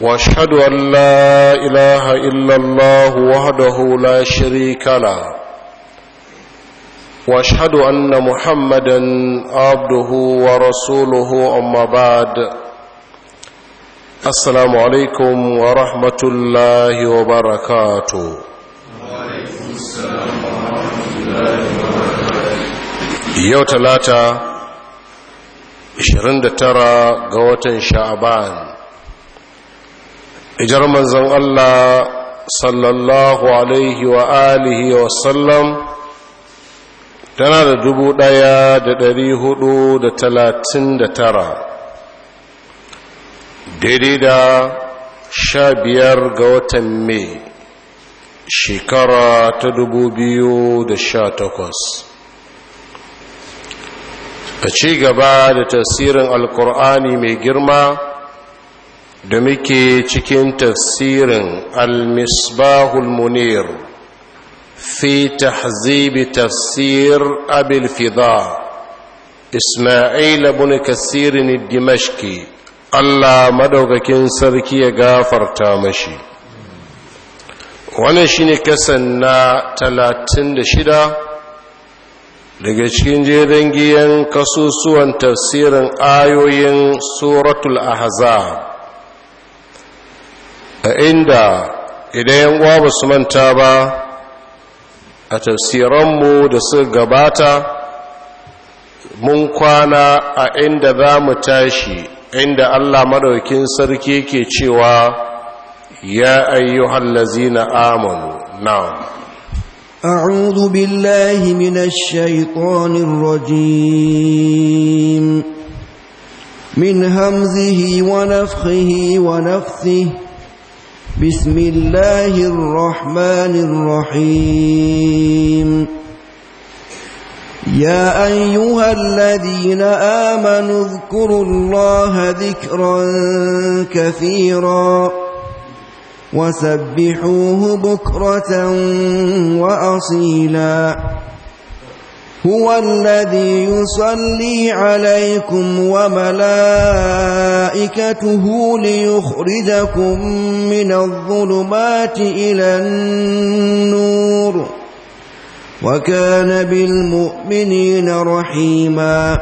واشهد ان لا اله الا الله وحده لا شريك له واشهد ان محمدا عبده ورسوله اما بعد السلام عليكم ورحمه الله وبركاته وعليكم السلام ورحمه الله وبركاته يوم ثلاثه 29 ga watan sha'ban ijar manzan Allah sallallahu alaihi wa alihi wa sallam tana da dubu ɗaya da dari hudu da talatin da tara daidai da sha biyar ga watan mai shekara ta dubu biyu da sha takwas a ci gaba da tasirin alkur'ani mai girma da muke cikin tafsirin al-misbahul munir fi tahzibi tafsir abil fida isma'il ibn kasir dimashqi Allah madaukakin sarki ya gafarta mashi wannan shine kasan na 36 daga cikin jerengiyan kasusuwan tafsirin ayoyin suratul ahzab a inda idan yan ba su manta ba a tafsiranmu da su gabata mun kwana a inda za mu tashi inda allah maɗaukin sarki ke cewa ya ayyuhallazina amanu na'am أعوذ بالله من الشيطان الرجيم من همزه ونفخه ونفثه بسم الله الرحمن الرحيم يا أيها الذين آمنوا اذكروا الله ذكرا كثيرا وسبحوه بكرة وأصيلا هو الذي يصلي عليكم وملائكته ليخرجكم من الظلمات إلى النور وكان بالمؤمنين رحيما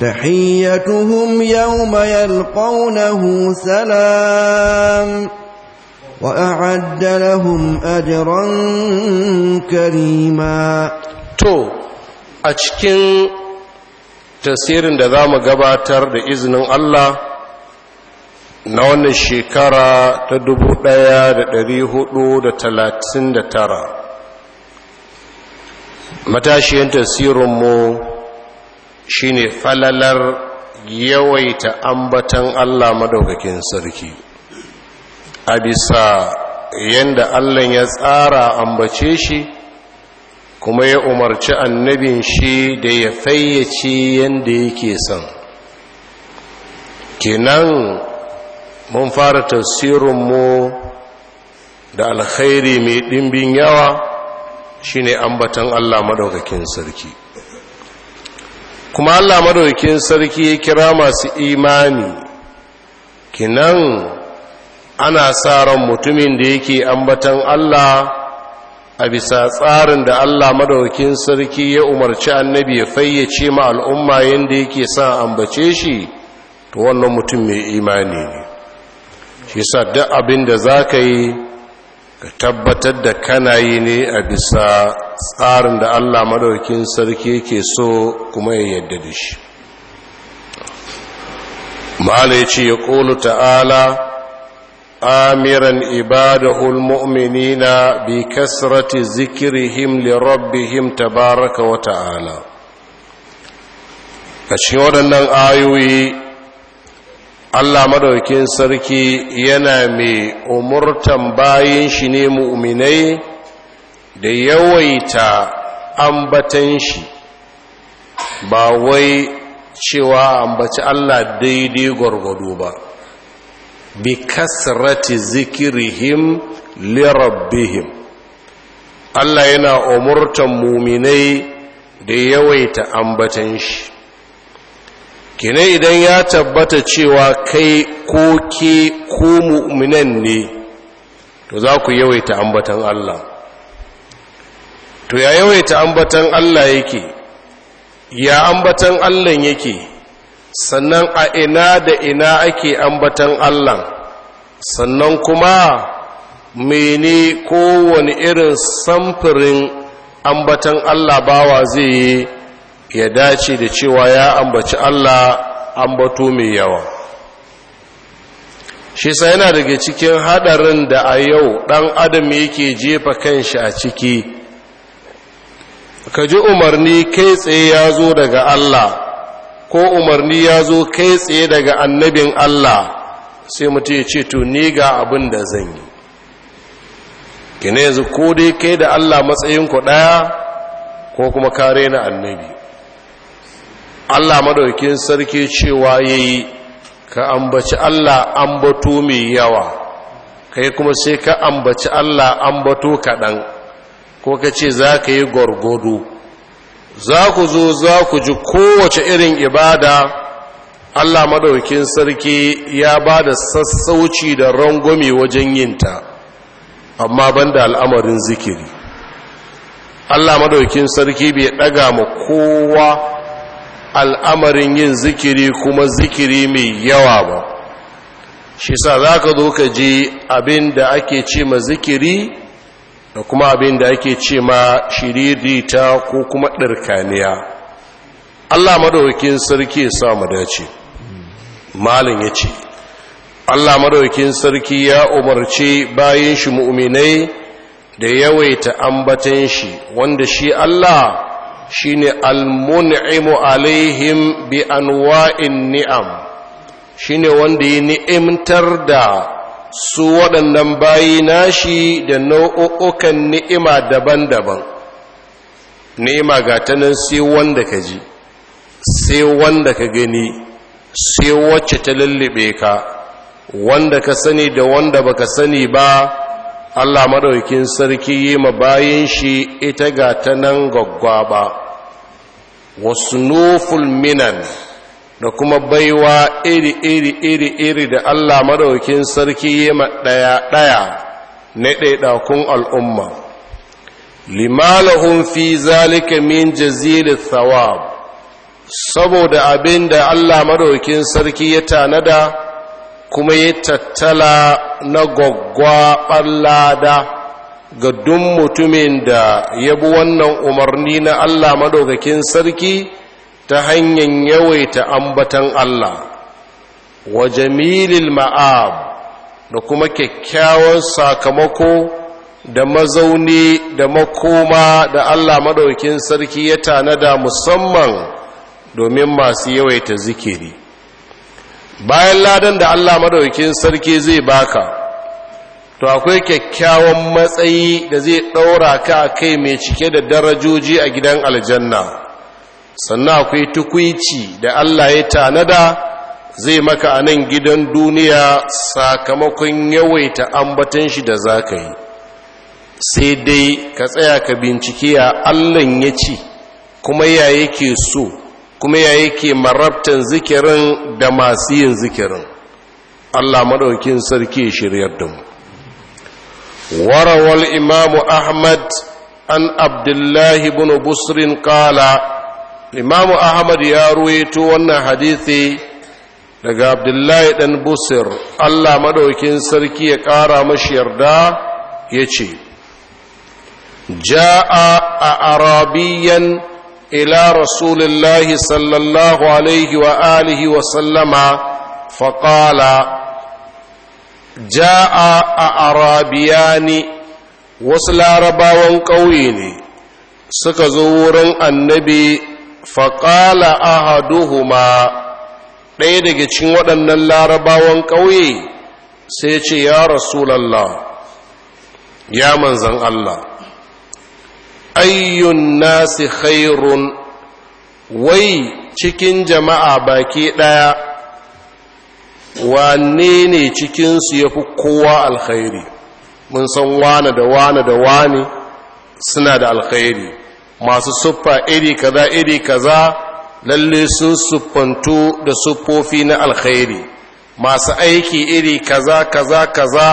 تحيتهم يوم يلقونه سلام وأعد لهم أجرا كريما a cikin tasirin da za mu gabatar da izinin Allah na wannan shekara ta dubu da da da talatin tara, matashiyar tasirinmu shi ne falalar yawaita ambatan Allah madaukakin sarki a bisa yadda Allah ya tsara ambace shi kuma ya umarci annabin shi da ya fayyace yadda yake son kenan mun fara tasirinmu da alkhairi mai ɗimbin yawa shi shine ambatan Allah maɗaukakin sarki kuma Allah maɗaukakin sarki ya kira masu imani nan ana sa ran mutumin da yake ambatan Allah a bisa tsarin da Allah madaukin sarki ya umarci annabi ya fayyace ma al'umma yanda yake sa ambace shi to wannan mutum mai imani ne shi sa duk abin da za ka yi ka tabbatar da kana yi ne a bisa tsarin da Allah madaukin sarki yake so kuma ya yadda da shi ma'ala ya ce ya ƙolu ta'ala amiran ibadahul المؤمنين بكسرة ذكرهم لربهم تبارك وتعالى tabaraka wa آيوي waɗannan ayoyi Allah madaukin sarki yana mai umurtan bayan shi ne mu'minai da yawaita ambatan shi ba wai cewa ambaci Allah daidai gwargwado ba bi kasrati zikirihim lirabbihim Allah yana umurtan muminai da yawaita ambatan shi kine idan ya tabbata cewa kai ko ke ko mu'minan ne to za ku yawaita ambatan Allah to ya yawaita ambatan Allah yake ya ambatan Allah yake sannan a ina da ina ake ambatan Allah sannan kuma mene kowane irin samfurin ambatan Allah bawa zai ya dace da cewa ya ambaci Allah ambato mai yawa shi sai yana daga cikin hadarin da a yau dan adam yake jefa kanshi a ciki ka ji umarni kai tsaye ya zo daga Allah ko umarni ya zo kai tsaye daga annabin Allah sai mutum ya ce to ni ga abin da zan yi kina yanzu ko dai kai da Allah matsayin ku daya ko kuma kare na annabi Allah madaukin sarki cewa yayi ka ambaci Allah ambato mai yawa kai kuma sai ka ambaci Allah ambato kaɗan ko ka ce za ka yi gwargwado za ku zo za ku ji kowace irin ibada Allah madaukin sarki ya ba da sassauci da rangwame wajen yinta amma ban da al'amarin zikiri Allah madaukin sarki bai ɗaga ma kowa al'amarin yin zikiri kuma zikiri mai yawa ba shi sa za ka zo ka ji abin da ake ce ma zikiri da kuma abin da ake ce ma shiririta ko kuma ɗarkaniya allah maɗaukin sarki ya sa mu dace malin ya ce allah maɗaukin sarki ya umarci bayan shi mu'uminai da yawaita ambatan shi wanda shi allah shi ne almun'imu alaihim bi anwa'in ni'am ne wanda ya ni'imtar da su waɗannan bayi nashi da nau'o'okan ni'ima daban-daban ni'ima ga ta nan sai wanda ka ji sai wanda ka gani sai wacce ta lullube ka wanda ka sani da wanda baka sani ba Allah maɗaukin sarki yi ma bayan shi ita ga ta nan ba wasu minan da kuma baiwa iri iri iri iri da Allah madaukin sarki ya ɗaya ɗaya na ɗaiɗakun al'umma limalahun fi zalika min jaziri thawab saboda abin da Allah madaukin sarki ya tanada kuma ya tattala na gwaggwaɓar lada ga duk mutumin da ya bi wannan umarni na Allah madaukakin sarki ta hanyar yawaita ambatan Allah wa jamilil ma'ab da kuma kyakkyawan sakamako da mazauni da makoma da Allah madaukin sarki ya tanada musamman domin masu yawaita zikiri bayan ladan da Allah madaukin sarki zai baka to akwai kyakkyawan matsayi da zai ɗaura ka kai mai cike da darajoji a gidan aljanna sannan akwai tukwici da Allah ya tanada zai maka a nan gidan duniya sakamakon yawaita ambatan shi da za ka yi sai dai ka tsaya ka bincike ya allah ya ci kuma ya yake so kuma ya yake marabtan zikirin da masu yin zikirin Allah maɗaukin sarki shiryar da mu warawal imamu ahmad an abdullahi bin busrin kala imamu ahmad ya ruwaito wannan hadithi daga abdullahi dan busir allah madaukin sarki ya ƙara mashi yarda ya ce ja'a a arabiyan ila rasulillahi sallallahu alaihi wa alihi wa sallama faƙala ja'a a arabiyani wasu larabawan ƙauye ne suka zo wurin annabi faƙala ahaduhuma ɗaya daga cikin waɗannan larabawan ƙauye sai ce ya rasu rasulallah ya manzan Allah ayyun nasi khairun wai cikin jama'a baki ɗaya wane ne cikinsu ya fi kowa alkhairi mun san wane da wane da wane suna da alkhairi masu suffa iri kaza iri kaza lalle sun suffantu da suffofi na alkhairi masu aiki iri kaza kaza kaza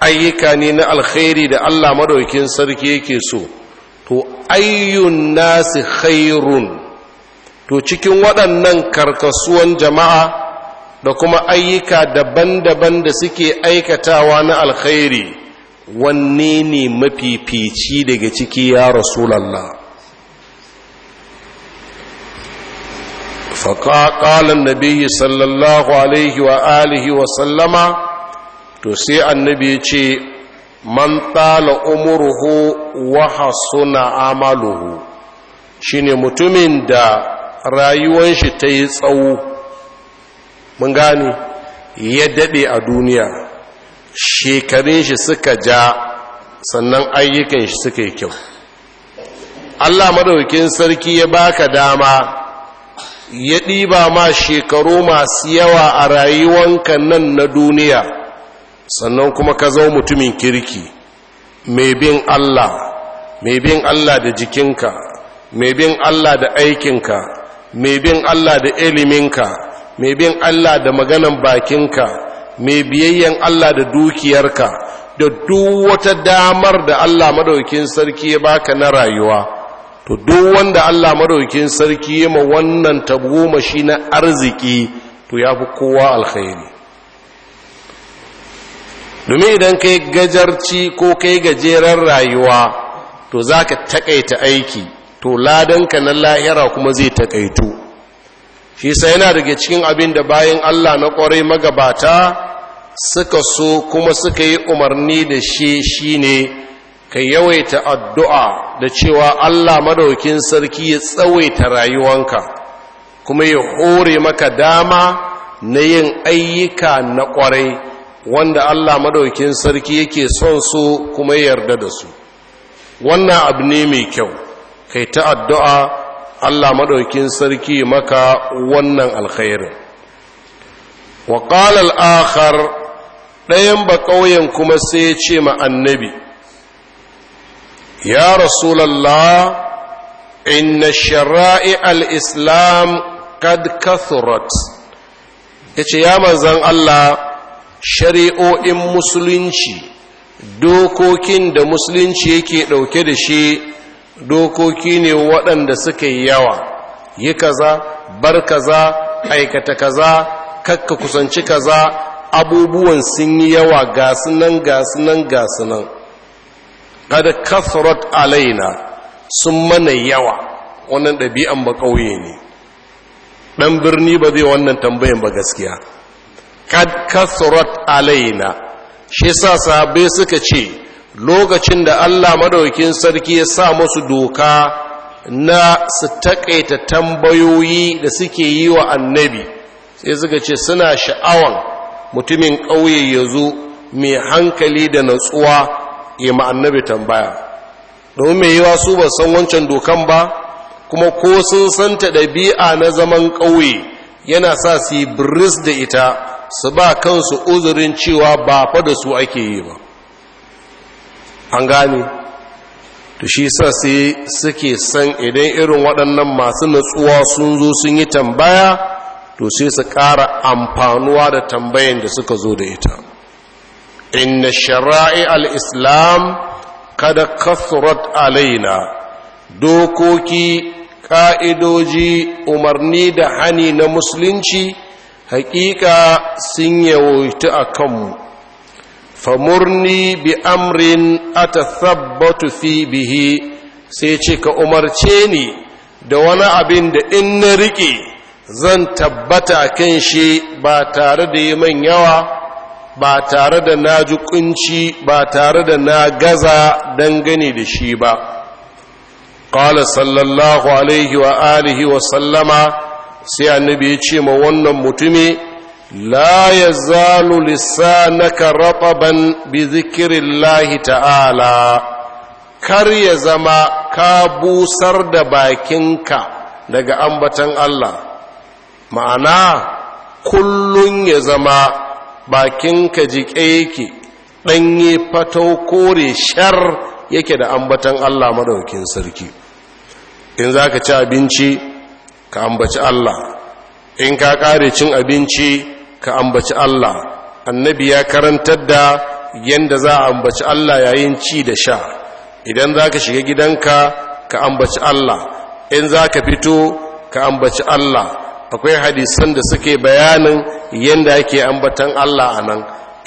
ayyuka ne na alkhairi da Allah madaukin sarki yake so to ayyun nasi khairun to cikin waɗannan karkasuwan jama'a da kuma ayyuka daban-daban da suke aikatawa na alkhairi wanne ne mafifici daga ciki ya rasulallah faƙaƙalan nabi sallallahu alaihi wa alihi wa sallama to sai annabi ya ce man tsala umuruhu wa hasuna amaluhu shine mutumin da rayuwanshi shi ta yi tsawo mun gane ya daɗe a duniya shekarun shi suka ja sannan ayyukan shi suka yi kyau Allah madaukin sarki ya baka dama ya ɗiba ma shekaru masu yawa a rayuwanka nan na duniya sannan kuma ka zo mutumin kirki mai bin Allah mai bin Allah da jikinka mai bin Allah da aikinka mai bin Allah da iliminka mai bin Allah da maganan bakinka mai biyayyen Allah da dukiyarka da duk wata damar da Allah madaukin sarki ya baka na rayuwa to duk wanda Allah madaukin sarki ya ma wannan tabgoma shi na arziki to ya fi kowa alkhairi domin idan kai gajarci ko kai gajeren rayuwa to za ka takaita aiki to ladanka na lahira kuma zai takaitu shi sai yana daga cikin abin da bayan Allah na kwarai magabata suka so kuma suka yi umarni da shi shine ka yawaita addu'a da cewa Allah madaukin sarki ya tsawaita rayuwanka kuma ya hore maka dama na yin ayyuka na ƙwarai wanda Allah madaukin sarki yake son su kuma yarda da su wannan abu ne mai kyau kai ta addu'a Allah madaukin sarki maka wannan alkhairin wa ƙalal akhar ɗayan ba ƙauyen kuma sai ya ce ma annabi ya rasulallah inna shara'i al-islam kad kathurat ya ce ya manzan Allah shari'o'in musulunci dokokin da musulunci yake ɗauke da shi dokoki ne waɗanda suka yi yawa yi kaza bar kaza aikata kaza kakka kusanci kaza abubuwan sun yi yawa ga nan ga nan ga nan kada kathrat alaina sun mana yawa wannan ɗabi'an ba ƙauye ne ɗan birni ba zai wannan tambayin ba gaskiya kad kathrat alaina shi sa sabe suka ce lokacin da allah madaukin sarki ya sa musu doka na su taƙaita tambayoyi da suke yi wa annabi sai suka ce suna sha'awan mutumin ƙauye ya zo mai hankali da natsuwa yi annabi tambaya domin mai wa su ba san wancan dokan ba kuma ko sun san ta ɗabi'a na zaman ƙauye yana sa su yi biris da ita su ba kansu uzurin cewa ba fa da su ake yi ba an gane to shi sa sai suke san idan irin waɗannan masu natsuwa sun zo sun yi tambaya to sai su ƙara amfanuwa da tambayan da suka zo da ita inna shara'i al-islam kada kasurat alaina dokoki ka'idoji umarni da hani na musulunci hakika sun yawaitu a kanmu famurni bi'amrin amrin atathabbatu fi bihi sai ce ka umarce ni da wani abin da in na riƙe zan tabbata kan shi ba tare da yi man yawa ba tare da na ji ba tare da na gaza dangane da shi ba ƙala sallallahu alaihi wa alihi wa sallama sai annabi ya ce ma wannan mutumi la ya zalu lissanaka rataban bi zikirillahi ta'ala kar ya zama ka busar da bakinka daga ambatan Allah ma'ana kullun ya zama bakinka jiƙe yake ɗanye fato kore shar yake da ambatan Allah maɗaukin sarki in za ka ci abinci ka ambaci Allah in ka ƙare cin abinci ka ambaci Allah annabi ya karantar da yadda za a ambaci Allah yayin ci da sha idan za ka shiga gidanka ka ambaci Allah in za ka fito ka ambaci Allah akwai hadisan da suke bayanin yadda ake ambatan Allah a nan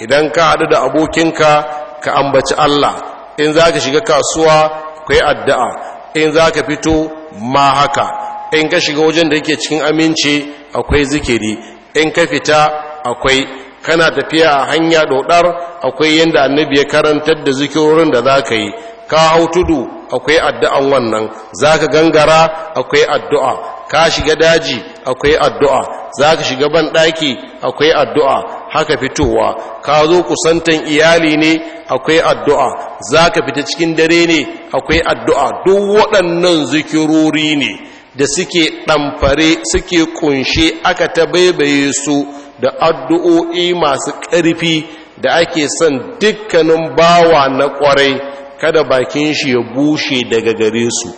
idan ka haɗu da abokinka ka ambaci Allah in za ka shiga kasuwa akwai addu'a in za ka fito ma haka in ka shiga wajen da yake cikin aminci akwai zikiri in ka fita akwai kana tafiya a hanya dodar akwai yadda annabi ya karantar da zikirorin da za ka yi ka hau tudu akwai addu'an wannan za ka gangara akwai addu'a ka shiga daji akwai addu'a za ka shiga banɗaki akwai addu'a haka fitowa ka zo kusantan iyali ne akwai addu'a za ka fita cikin dare ne akwai addu'a duk waɗannan zikirori ne da suke ɗamfare suke kunshe aka ta baibaye su da addu'o'i masu ƙarfi da ake son dukkanin bawa na ƙwarai kada bakin shi ya bushe daga gare su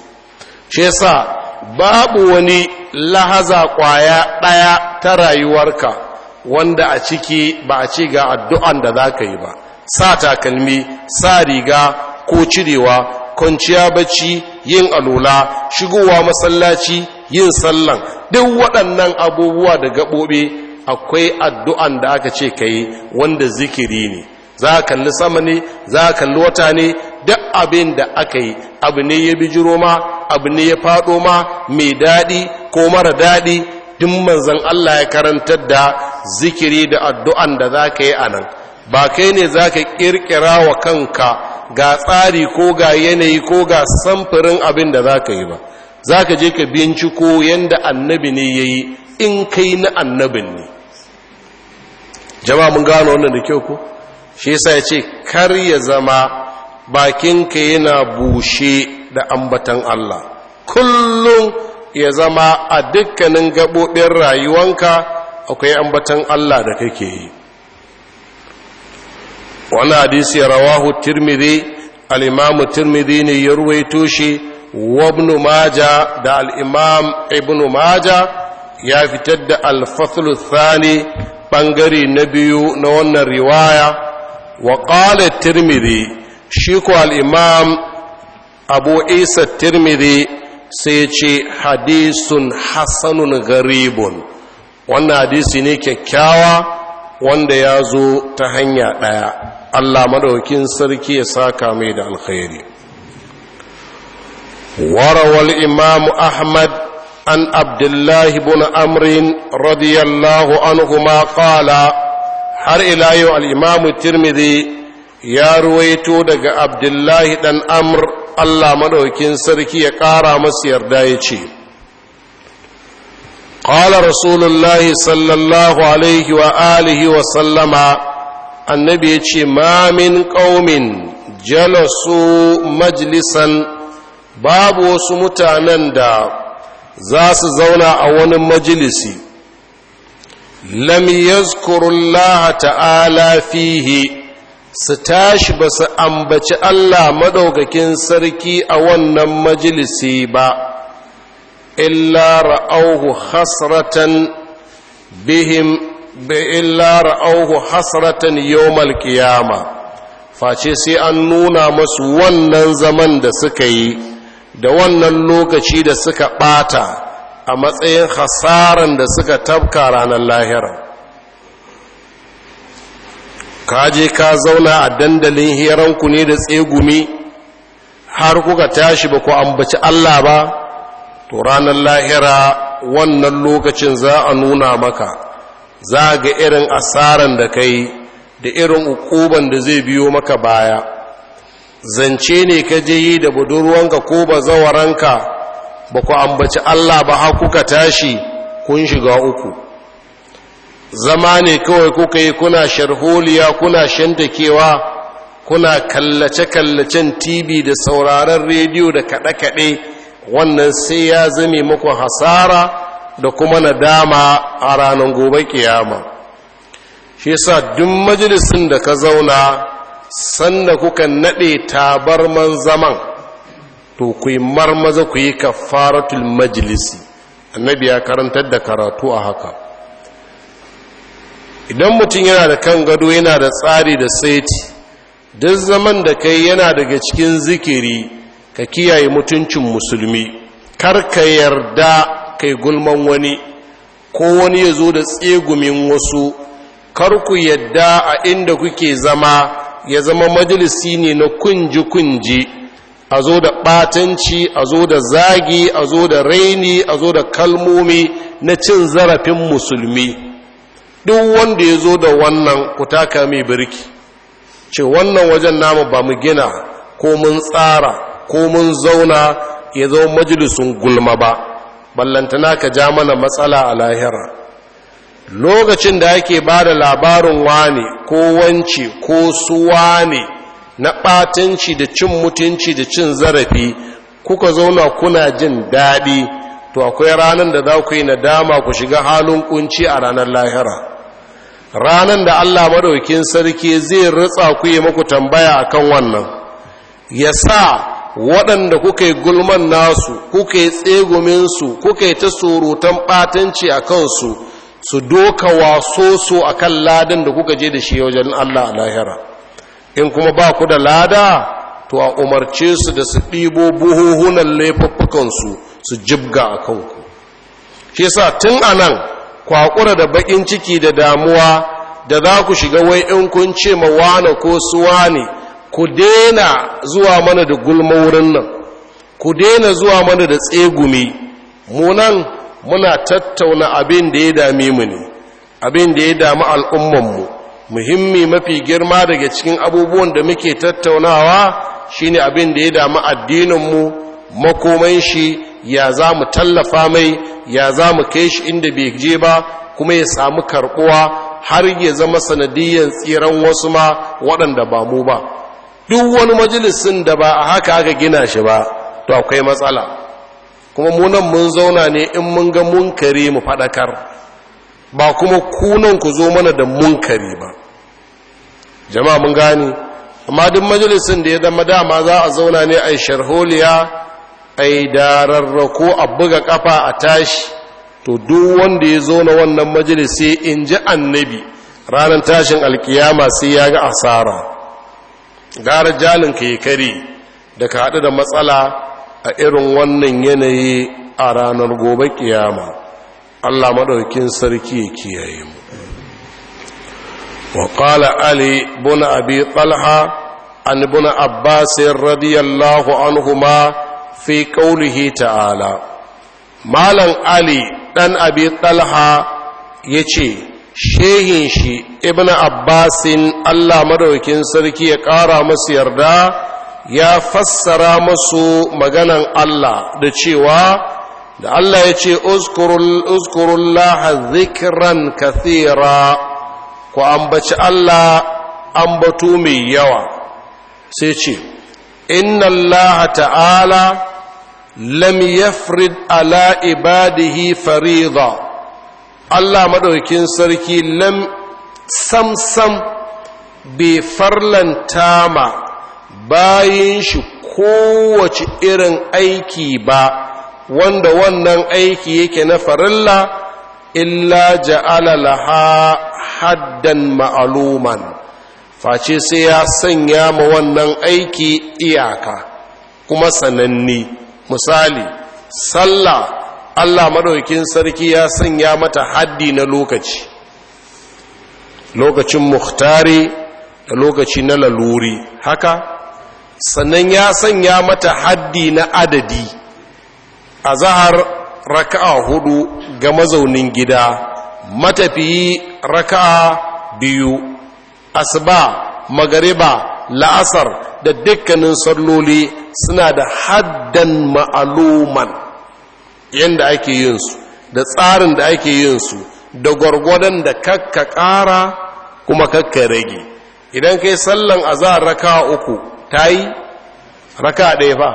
shi yasa babu wani lahaza kwaya ɗaya ta rayuwarka wanda a ciki ba a ci ga addu'an da za ka yi ba sa takalmi sa riga ko cirewa kwanciya bacci yin alula shigowa masallaci yin sallan duk waɗannan abubuwa da gaɓoɓe akwai addu'an da aka ce ka yi wanda zikiri ne za a kalli sama ne za a kalli wata ne duk abin da aka yi abu ne ya bijiro ma abu ne ya faɗo ma mai daɗi ko mara daɗi duk manzan Allah ya karantar da zikiri da addu'an da za ka yi a nan ba kai ne za ka ƙirƙira wa kanka ga tsari ko ga yanayi ko ga samfurin abin da za ka yi ba za ka je ka binciko yadda annabi ne ya yi in kai na annabin ne jama'a mun gano wannan da kyau ko shi yasa ya ce kar ya zama bakinka yana bushe da ambatan Allah kullum ya zama a dukkanin gaɓoɓin rayuwanka akwai ambatan Allah da kake yi wani hadisi rawahu tirmidhi al'imamu tirmidhi ne ya ruwaito shi wa maja da al’imam ibnu maja ya fitar da al ɓangare ɓangare na biyu na wannan riwaya wa ƙalar tirmidhi shi ko al'imam abu isa tirmidhi sai ce hadisun Hassanun garibun wannan hadisi ne kyakkyawa wanda ya zo ta hanya ɗaya allah maɗaukin sarki ya saka mai da alkhairi warawal imam ahmad an abdullahi bin amrin radiyallahu anhu ma qala har ila yau al'imamu tirmidhi ya ruwaito daga abdullahi ɗan Amur, allah maɗaukin sarki ya ƙara masu yarda ya ce ƙala rasulullahi sallallahu alaihi wa alihi wa sallama annabi ya ce mamin ƙaumin jalasu majalisan babu wasu mutanen da za su zauna a wani majalisi lam yazkurullaha ta'ala fihi su tashi ba su ambaci Allah maɗaukakin sarki a wannan majalisi ba illa ra'auhu hasratan bihim bi illa ra'auhu hasratan yawmal qiyama face sai an nuna masu wannan zaman da suka yi da wannan lokaci da suka ɓata, a matsayin hasaran da suka tabka ranar lahira ka je ka zauna a dandalin hiranku ne da tsegumi har kuka tashi ba ku ambaci Allah ba to ranar lahira wannan lokacin za a nuna maka za ga irin asaran da kai da irin ukuban da zai biyo maka baya zance ne ka je yi da budurwanka ko ba zawaranka ba ku ambaci Allah ba har kuka tashi kun shiga uku zama ne kawai kuka yi kuna sharholiya kuna shantakewa kuna kallace-kallacen tv da sauraron rediyo da kaɗe-kaɗe wannan sai ya zame muku hasara da kuma nadama a ranar gobe kiyama shi sa duk majalisun da ka zauna sanda kuka naɗe tabarman zaman to ku yi marmaza ku yi kafaratul majalisi annabi ya karantar da karatu a haka idan mutum yana da kan gado yana da tsari da saiti duk zaman da kai yana daga cikin zikiri ka kiyaye mutuncin musulmi kar ka yarda kai gulman wani ko wani ya zo da tsegumin wasu kar ku yadda a inda kuke zama ya zama majalisi ne na kunji-kunji a zo da ɓatanci a zo da zagi a zo da raini a zo da kalmomi na cin zarafin musulmi duk wanda ya zo da wannan ku taka mai birki ce wannan wajen namu ba mu gina ko mun tsara ko mun zauna ya zo majalisun gulma ba ballantana ka ja mana matsala a lahira lokacin da ake ba da labarin wane ko wance ko su ne na ɓatanci da cin mutunci da cin zarafi kuka zauna kuna jin daɗi to akwai ranan da za ku yi nadama ku shiga halin kunci a ranar lahira Ranan da Allah madaukin sarki zai ritsa ku yi muku tambaya akan wannan ya sa waɗanda kuka yi gulman nasu kuka yi tseguminsu kuka yi ta surutan ɓatanci a kansu su doka waso su a kan ladan da kuka je da shi wajen Allah a lahira in kuma ba ku da lada to a umarce su da su ɗibo buhuhunan laifuffukansu su jibga a kanku shi sa tun anan kwakura da bakin ciki da damuwa da za ku shiga wai in kun ce ma wane ko suwa ne ku daina zuwa mana da gulma wurin nan ku daina zuwa mana da tsegumi Mu nan, muna tattauna abin da ya dame mu ne abin da ya dami al'ummanmu muhimmi mafi girma daga cikin abubuwan da muke tattaunawa shine abin da ya dami addininmu makoman shi ya za mu tallafa mai ya za mu kai shi inda bai je ba kuma ya samu karbuwa har ya zama sanadiyyar tsiran wasu ma waɗanda ba mu ba duk wani majalisin da ba a haka aka gina shi ba to akwai matsala kuma munan mun zauna ne in mun ga munkari mu faɗakar ba kuma kunan ku zo mana da munkari ba jama'a mun gane amma duk majalisin da ya zama dama za a zauna ne a sharholiya ai dararrako a buga kafa a tashi to duk wanda ya zo na wannan majalisi in ji annabi ranar tashin alkiyama sai ya ga asara gara jalin ka yi kare da ka haɗu da matsala a irin wannan yanayi a ranar gobe kiyama allah maɗaukin sarki ya kiyaye mu وقال علي بن أبي طلحة عن ابن عباس رضي الله عنهما fi ƙaunihi ta'ala malam ali ɗan abi talha ya ce shehin shi ibn abbasin allah madaukin sarki ya ƙara masu yarda ya fassara masu maganan allah da cewa da Allah ya ce uzkurullaha zikiran kathira ku ambaci Allah ambatu mai yawa sai ce inna Allah ta'ala lam yafrid ala ibadihi fariḍa Allah maɗaukin sarki lam samsam bai farlanta ma bayan shi kowace irin aiki ba wanda wannan aiki yake na farilla illa ja'ala laha haddan ma'aluman face sai ya sanya ma wannan aiki iyaka kuma sananni misali sallah Allah maɗaukin sarki ya sanya mata haddi na lokaci lokacin muhtari da lokaci na laluri haka sannan ya sanya mata haddi na adadi a zahar raka'a hudu ga mazaunin gida matafiyi raka'a biyu asba magariba la'asar da dukkanin salloli suna da haddan ma'aluman yadda ake yin su da tsarin da ake yin su da gwargwadon da kakka ƙara kuma kakka rage idan kai sallan a a raka uku ta yi raka ɗaya ba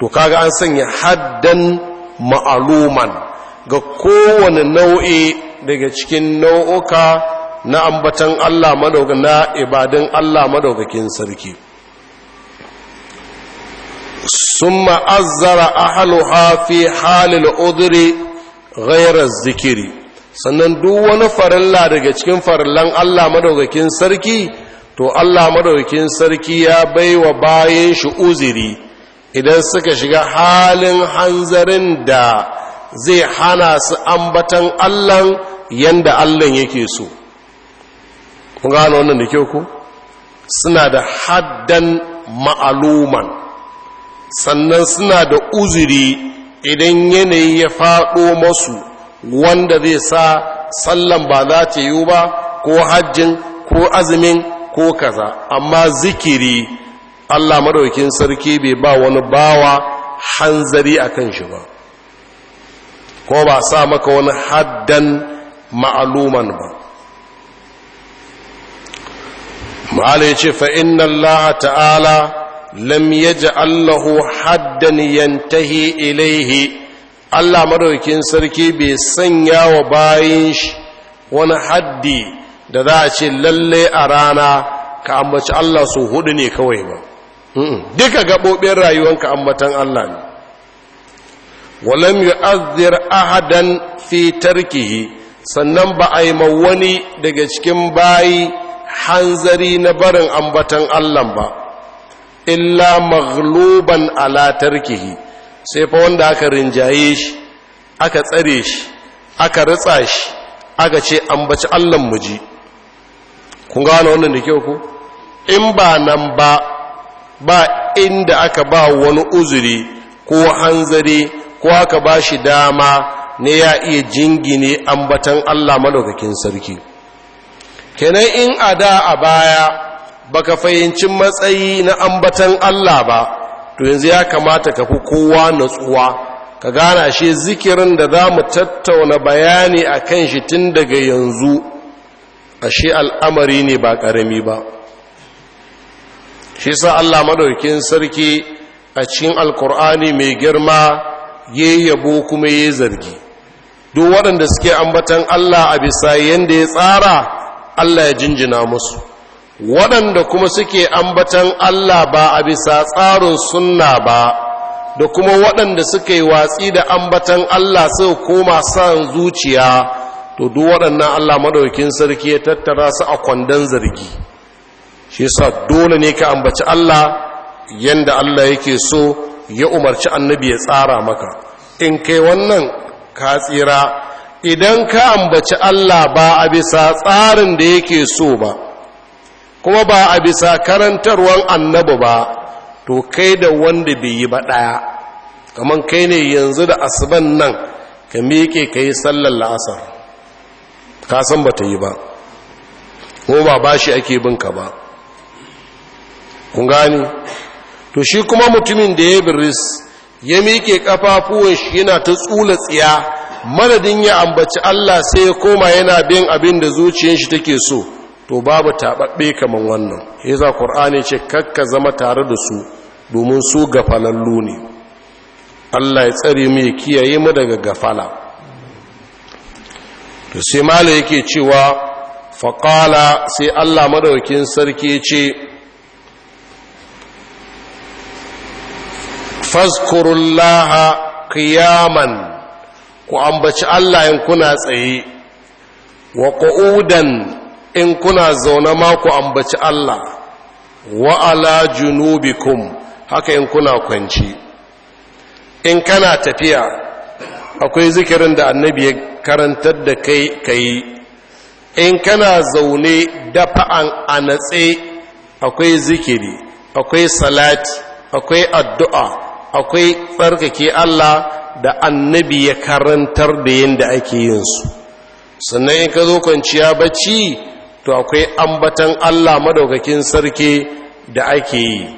to kaga an sanya haddan ma'aluman ga kowane nau'i daga cikin nau'uka na ambatan Allah madauga na ibadin Allah madaukakin sarki summa azzara ahluha fi halil udri ghayra zikiri sannan duk wani farilla daga cikin farillan Allah madaukakin sarki to Allah madaukakin sarki ya baiwa bayan shi uziri idan suka shiga halin hanzarin da zai hana su ambatan Allah yanda Allah yake so mun gano wannan da kyau ku? suna da haddan ma'aluman sannan suna da uzuri idan yanayi ya faɗo masu wanda zai sa sallan ba za ta yiwu ba ko hajjin ko azumin ko kaza amma zikiri allah maɗaukin sarki bai ba wani bawa hanzari a kan shi ba ko ba sa maka wani haddan ma'aluman ba ma'ala ya ce fa'inna Allah ta'ala lam yaji Allahu haddan yantahi ilaihi Allah madaukin sarki bai sanya wa bayin shi wani haddi da za a ce lalle a rana ka ambaci Allah su hudu ne kawai ba duka gaɓoɓin ka ambatan Allah ne walam yu'azzir ahadan fi tarkihi sannan ba a yi wani daga cikin bayi hanzari na barin ambatan Allah ba illa maghluban ala tarkihi sai fa wanda aka rinjaye shi aka tsare shi aka ritsa shi aka ce ambaci Allah mu ji kun ga wannan da kyau ku in ba nan ba ba inda aka ba wani uzuri ko hanzari ko aka ba shi dama ne ya iya jingine ambatan Allah madaukakin sarki kenan in a da a baya baka fahimci matsayi na ambatan Allah ba to yanzu ya kamata ka fi kowa natsuwa ka gana shi zikirin da za mu tattauna bayani a kan shi tun daga yanzu a shi al'amari ne ba ƙarami ba shi sa Allah maɗaukin sarki a cikin alkur'ani mai girma ya yabo kuma ya zargi duk waɗanda suke ambatan Allah a bisa yadda ya tsara Allah ya jinjina musu waɗanda kuma suke ambatan Allah ba a bisa tsarin sunna ba da kuma waɗanda suka yi watsi da ambatan Allah suka koma san zuciya to duk waɗannan Allah maɗaukin sarki ya tattara su a kwandon zargi shi yasa dole ne ka ambaci Allah yanda Allah yake so ya umarci annabi ya tsara maka in kai wannan ka tsira idan ka ambaci Allah ba a bisa tsarin da yake so ba kuma ba a bisa karantarwan annabi ba to kai da wanda bai yi ba ɗaya kamar kai ne yanzu da asuban nan ka miƙe ka yi sallar la'asar ka san ba ta yi ba ko ba bashi ake ka ba kun gani to shi kuma mutumin da ya ris, ya miƙe ƙafafuwan shi yana ta tsula tsiya madadin ya ambaci Allah sai ya koma yana bin abin da zuciyar shi take so to babu taɓaɓɓe kaman wannan yasa qur'ani ce kakka zama tare da su domin su gafalallu ne Allah ya tsare mu ya kiyaye mu daga gafala to sai malai yake cewa faƙala sai Allah madaukin sarki ce fazkurullaha qiyaman ku ambaci Allah in kuna tsaye wa ku'udan in kuna zaune ma ku ambaci Allah wa ala junubikum haka in kuna kwanci in kana tafiya akwai zikirin da annabi ya karantar da kai kai in kana zaune dafa'an a natse akwai zikiri akwai salat akwai addu'a akwai tsarkake Allah da annabi ya karantar da yadda ake yin su sannan in ka zo kwanciya bacci to akwai ambatan Allah madaukakin sarki da ake yi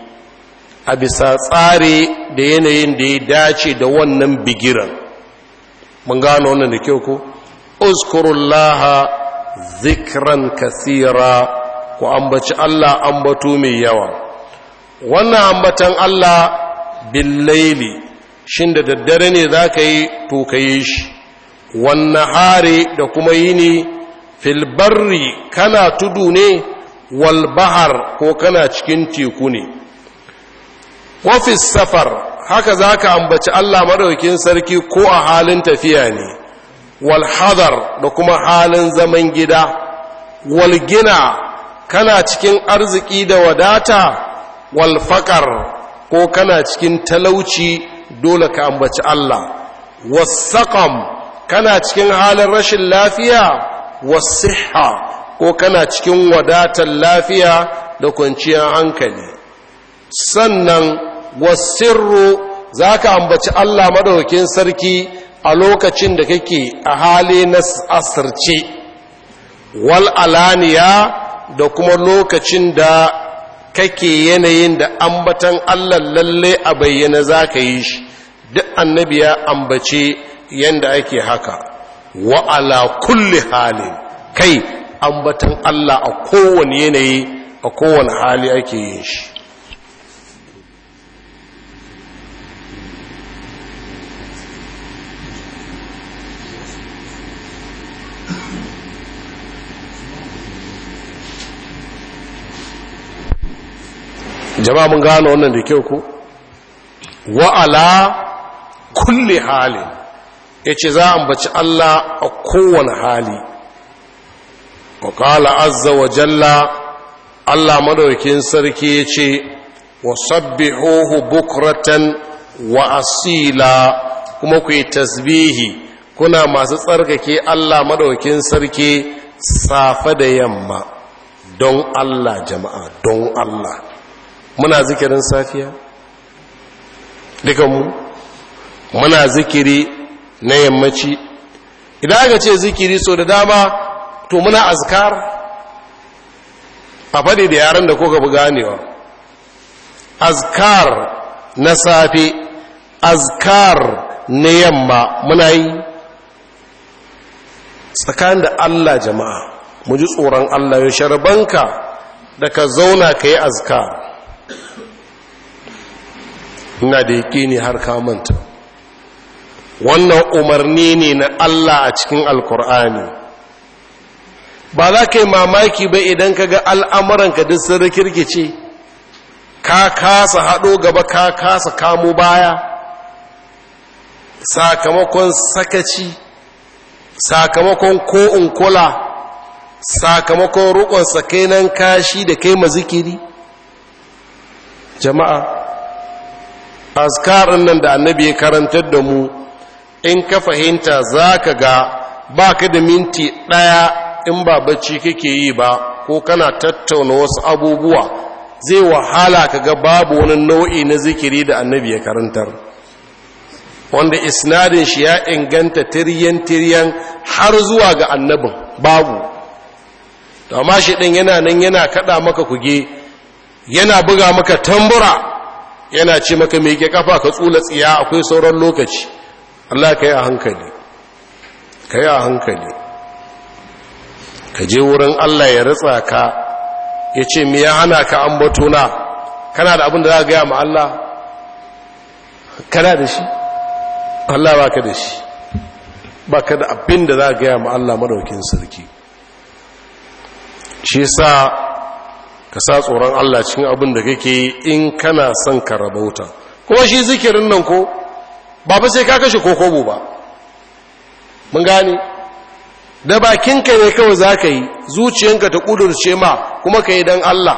a bisa tsari da yanayin da ya dace da wannan bigiran mun gano wannan da kyau ko uskurullaha zikran kasira ku ambaci Allah ambatu mai yawa wannan ambatan Allah bin laili shin da daddare ne za ka yi to ka yi shi Wanne hare da kuma yi ne filbarri kana tudu ne walbahar ko kana cikin teku ne Ofis safar haka za ka ambaci allah maɗaukin sarki ko a halin tafiya ne walhazar da kuma halin zaman gida walgina kana cikin arziki da wadata walfakar ko kana cikin talauci dole ka ambaci Allah wasaqam kana cikin halin rashin lafiya wasiha ko kana cikin wadatar lafiya da kwanciyar hankali sannan wasirru ka ambaci Allah madaukakin sarki a lokacin da kake a hali na asirce wal da kuma lokacin da kake yanayin da ambatan Allah lalle a bayyana za ka yi shi duk annabi ya ambace yanda ake haka wa'ala ala kulli halin kai ambatan Allah a kowane yanayi a kowane hali ake yin shi jama'a mun gano wannan da kyau ku wa'ala kulli halin yace za a ambaci Allah a kowane hali wa azza wa jalla Allah madaukin sarki ya ce wa sabbihuhu bukratan wa asila kuma ku tasbihi kuna masu tsarkake Allah madaukin sarki safe da yamma don Allah jama'a don Allah muna zikirin safiya dukanmu muna zikiri na yammaci idan aka ce zikiri so da dama to muna azkar a faɗi da yaren da kuka buga ganewa azkar na safe azkar na yamma muna yi tsakanin da allah jama'a mu ji tsoron allah ya sharbanka da ka zauna ka yi azkar ina da ne har kamanta wannan umarni ne na Allah a cikin alkur'ani ba za ka yi mamaki ba idan ka ga al'amuranka duk sun rikirkice ka kasa haɗo gaba ka kasa kamo baya sakamakon sakaci sakamakon ko'un kula sakamakon rukon sakainan kashi da kai mazikiri jama'a azkarin nan da annabi ya karantar da mu in ka fahimta za ka ga ba ka da minti ɗaya in ba bacci kake yi ba ko kana tattauna wasu abubuwa zai wahala ka ga babu wani nau'i na zikiri da annabi ya karantar wanda isnadin shi ya inganta tiryan-tiryan har zuwa ga annabin babu amma shi ɗin yana nan yana kaɗa maka kuge yana buga maka tambura yana ce maka mai ke kafa ka tsula tsiya akwai sauran lokaci Allah ka yi a hankali ka yi a hankali ka je wurin Allah ya ritsa ka ya ce mai ya hana ka an batuna kana da abin da za a gaya ma Allah kana da shi Allah ba ka da shi ba ka da abin da za a gaya ma Allah madaukin sarki shi sa ka sa tsoron Allah cikin abin da kake yi in kana son ka rabauta kuma shi zikirin nan ko ba fa sai ka kashe kokobo ba mun gane da bakinka ne kawai za ka yi zuciyanka ta ƙudurce ma kuma ka yi don Allah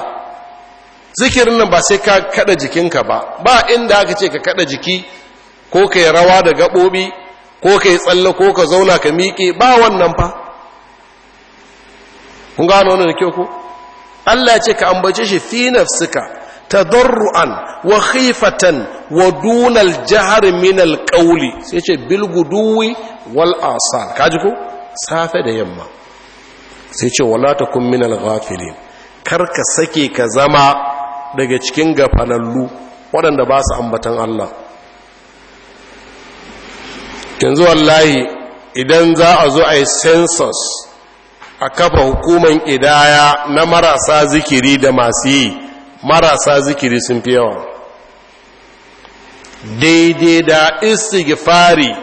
zikirin nan ba sai ka kada jikinka ba ba inda aka ce ka kada jiki ko ka yi rawa da gaɓoɓi ko ka yi tsalle ko ka zauna ka miƙe ba wannan fa kun gano wannan da kyau ko Allah ce ka ambace shi fi nafsika tadarruan wa khifatan wa dunal jahar min alqawli sai ce bil guduwi wal asal kaji ko safe da yamma sai ce wala takun min alghafilin kar ka sake ka zama daga cikin gafanallu waɗanda ba su ambatan Allah yanzu wallahi idan za a zo a yi census a kafa hukuman idaya na marasa zikiri da masu yi marasa zikiri sun fi yawa daidai da istighfari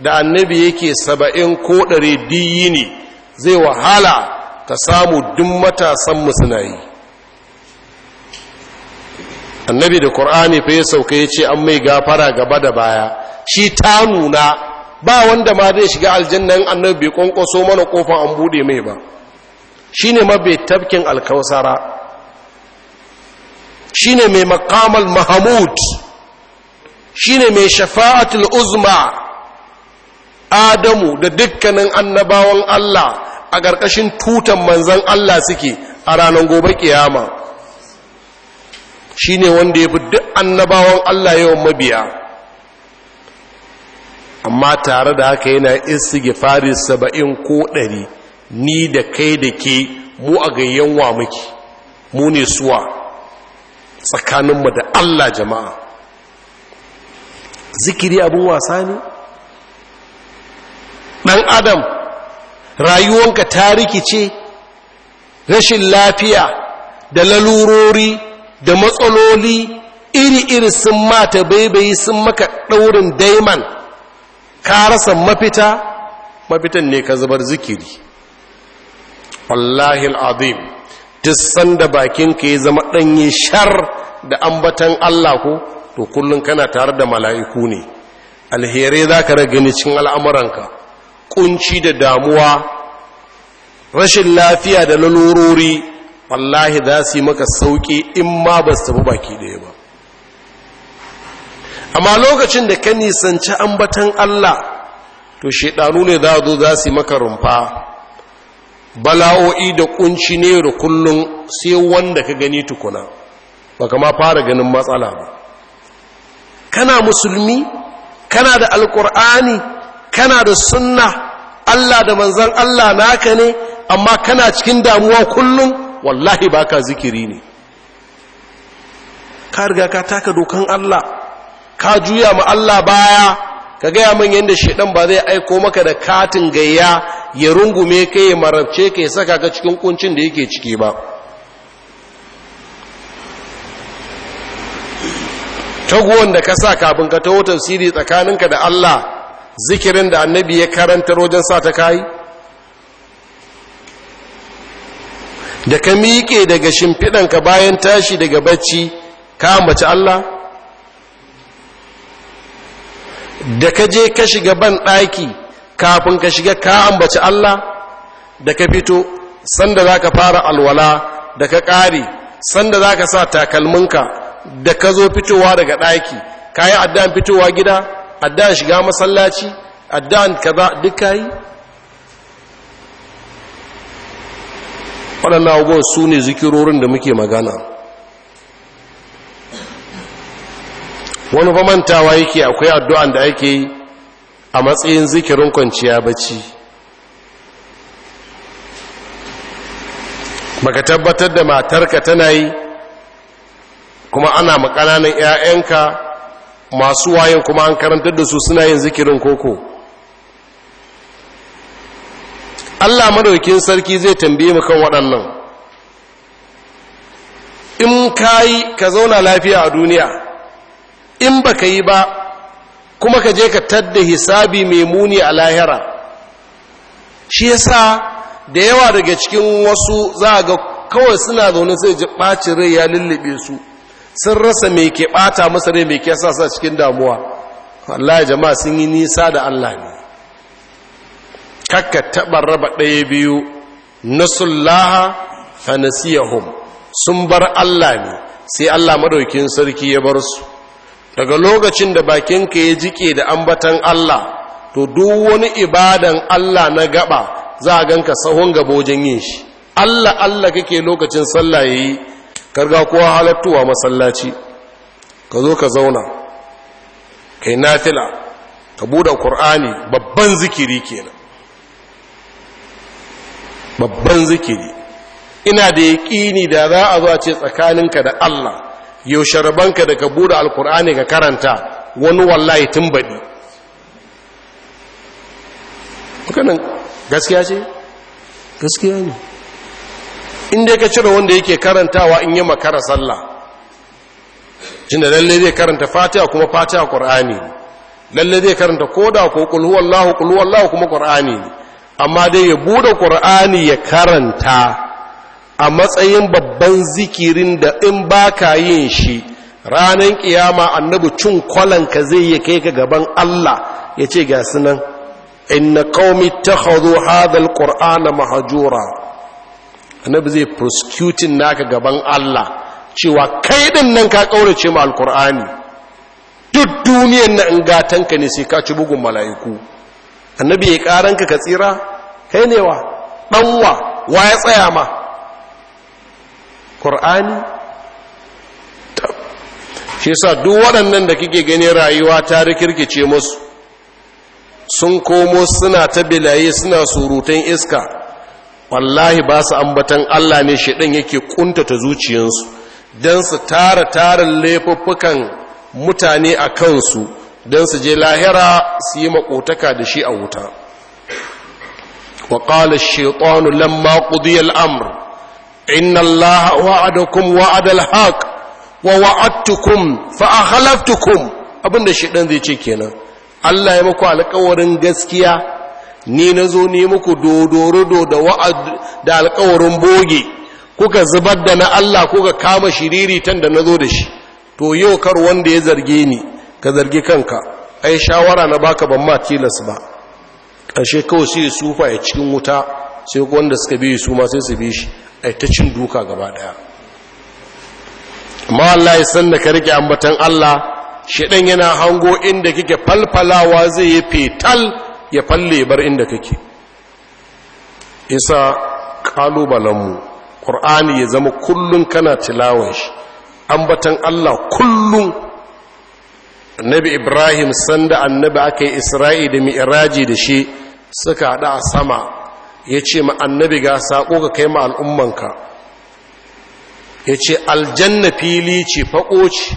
da annabi yake saba'in ko ɗari diyi ne zai wahala ka samu duk matasan musulayi annabi da ƙur'ani fa ya sauka ya ce an mai gafara gaba da baya shi ta nuna ba wanda ma zai shiga aljannan annabi bai kwankwaso mana kofa an bude mai ba Shi ne mabe tafkin alkausara ne mai makamal mahamud Shi ne mai shafa'atul uzma adamu da dukkanin annabawan Allah a ƙarƙashin tutan manzan Allah suke a ranar gobe kiyama ne wanda ya fi duk annabawan Allah yawan mabiya amma tare da haka yana istighfari saba'in ko ɗari ni da kai da ke mu a gayyan wa muke mu ne suwa tsakaninmu da Allah jama'a zikiri abin wasa ne ɗan adam rayuwanka ta rikice rashin lafiya da lalurori da matsaloli iri-iri sun mata baibayi sun maka ɗaurin daiman ka rasa mafita mafitan ne ka zubar zikiri wallahi al'azim duk sanda bakinka ya zama ɗanyi shar da ambatan Allah ku, to kullum kana tare da mala'iku ne alherai za ka ragani cikin al'amuranka Ƙunci da damuwa rashin lafiya da lalurori wallahi za su yi maka sauƙi in ma ba su tafi baki ɗaya ba amma lokacin da ka nisanci ambatan Allah to shaidanu ne za zo za su maka rumfa bala'o'i da kunci ne da kullum sai wanda ka gani tukuna ba kama fara ganin matsala ba kana musulmi kana da alkur'ani kana da sunna Allah da manzan Allah naka ne amma kana cikin damuwa kullum wallahi baka zikiri ne ka riga ka taka dokan Allah ka juya ma Allah baya ka gaya min yadda shaidan ba zai aiko maka da katin gayya ya rungume ka ya marabce ka ya saka ka cikin kuncin da yake ciki ba taguwan da ka sa kafin ka taho tafsiri tsakaninka da Allah zikirin da annabi ya karantar wajen sa ta kayi da ka miƙe daga shimfiɗanka bayan tashi daga bacci ka ambaci Allah da ka je ka shiga ban ɗaki kafin ka shiga ka ambaci Allah da ka fito sanda za ka fara alwala da ka ƙare sanda za ka sa takalminka da ka zo fitowa daga ɗaki ka yi addan fitowa gida addan shiga masallaci addan kaza duk yi waɗannan abubuwan su ne zikirorin da muke magana wani fa mantawa yake akwai addu'an da ake yi a matsayin zikirin kwanciya bacci baka tabbatar da matarka tana yi kuma ana makananan 'ya'yanka masu wayan kuma an karantar da su suna yin zikirin koko allah madaukin sarki zai tambaye mu kan waɗannan in kayi ka zauna lafiya a duniya in baka yi ba kuma ka je ka tadda hisabi mai muni a lahira shi yasa da yawa daga cikin wasu za ga kawai suna zaune sai ji ɓacin rai ya lullube su sun rasa mai ke ɓata masa rai mai ke sa sa cikin damuwa wallahi jama'a sun yi nisa da Allah ne kakka taɓa raba ɗaya biyu nasullaha fanasiyahum sun bar Allah ne sai Allah madaukin sarki ya bar su daga lokacin da bakinka ya jike da ambatan Allah to duk wani ibadan Allah na gaba za a ganka sahun gaba wajen yin shi Allah Allah kake lokacin sallah yayi karga kowa halattuwa masallaci ka zo ka zauna kai nafila ka buɗe Kur'ani babban zikiri kenan babban zikiri ina da yaƙini da za a zo a ce tsakaninka da Allah yaushe rabanka da ka buɗe alkur'ani ga karanta wani wallahi tun baɗi kanan gaskiya ce gaskiya ne inda ka cire wanda yake karantawa in yi makara sallah jinda lalle zai karanta fatiha kuma fatiha ƙur'ani lalle zai karanta koda ko kulhuwallahu kulhuwallahu kuma ƙur'ani amma dai ya buɗe ƙur'ani ya karanta a matsayin babban zikirin da in ba ka yin shi ranar kiyama annabi cin kwalanka zai ya kai ka gaban Allah ya ce ga sunan inna ta hazo hadal ƙor'ana mahajura. annabi zai prosecuting naka gaban Allah cewa kai din nan ka kaurace ma alƙor'ani duk duniyar na ingatanka ne sai ka ci bugun mala'iku annabi ya karanka ka tsira kai ne wa wa ya tsaya ma ƙur'ani shi sa duk waɗannan da kike gani rayuwa ta rikirkice musu sun komo suna ta bilaye suna surutan iska wallahi ba su ambatan allah ne shi dan yake ƙuntata zuciyansu don su tara tara laifuffukan mutane a kansu don su je lahira su yi makotaka da shi a wuta وقال الشيطان لما قضي Amur. inna Allah wa'adakum wa'adal haq wa wa'adtukum fa akhlaftukum abinda shedan zai ce kenan Allah ya muku alƙawarin gaskiya ni nazo ni muku dodoro da wa'ad da alƙawarin boge kuka zubar da na Allah kuka kama shiriri tan da na zo da shi to yau kar wanda ya zarge ni ka zargi kanka ai shawara na baka ban ma tilas ba ƙarshe kawai sai sufa ya cikin wuta sai wanda suka bi su ma sai su bi shi ai ta cin duka gaba daya amma Allah ya san da ka rike ambatan Allah shedan yana hango inda kike falfalawa zai yi fetal ya falle bar inda kake isa kalubalanmu ƙur'ani ya zama kullun kana tilawar shi ambatan Allah kullun annabi ibrahim sanda annabi aka yi isra'i da miraji da shi suka hada a sama ya ce ma annabi ga saƙo ka kai ma al'ummanka ya ce aljanna fili ce faƙo ce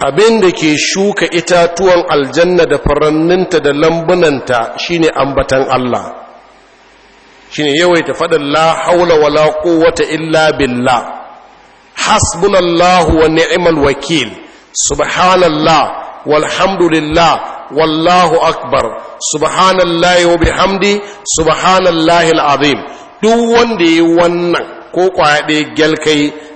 abinda ke shuka itatuwan aljanna da faranninta da lambunanta shine ambatan Allah shine yawaita faɗin la haula wa wala quwwata illa billah hasbunallahu wa ni'imal wakil subhanallah walhamdulillah wallahu akbar subhanallahi wa bihamdi subhanallahi alazim duk wanda yi wannan ko kwaya ɗaya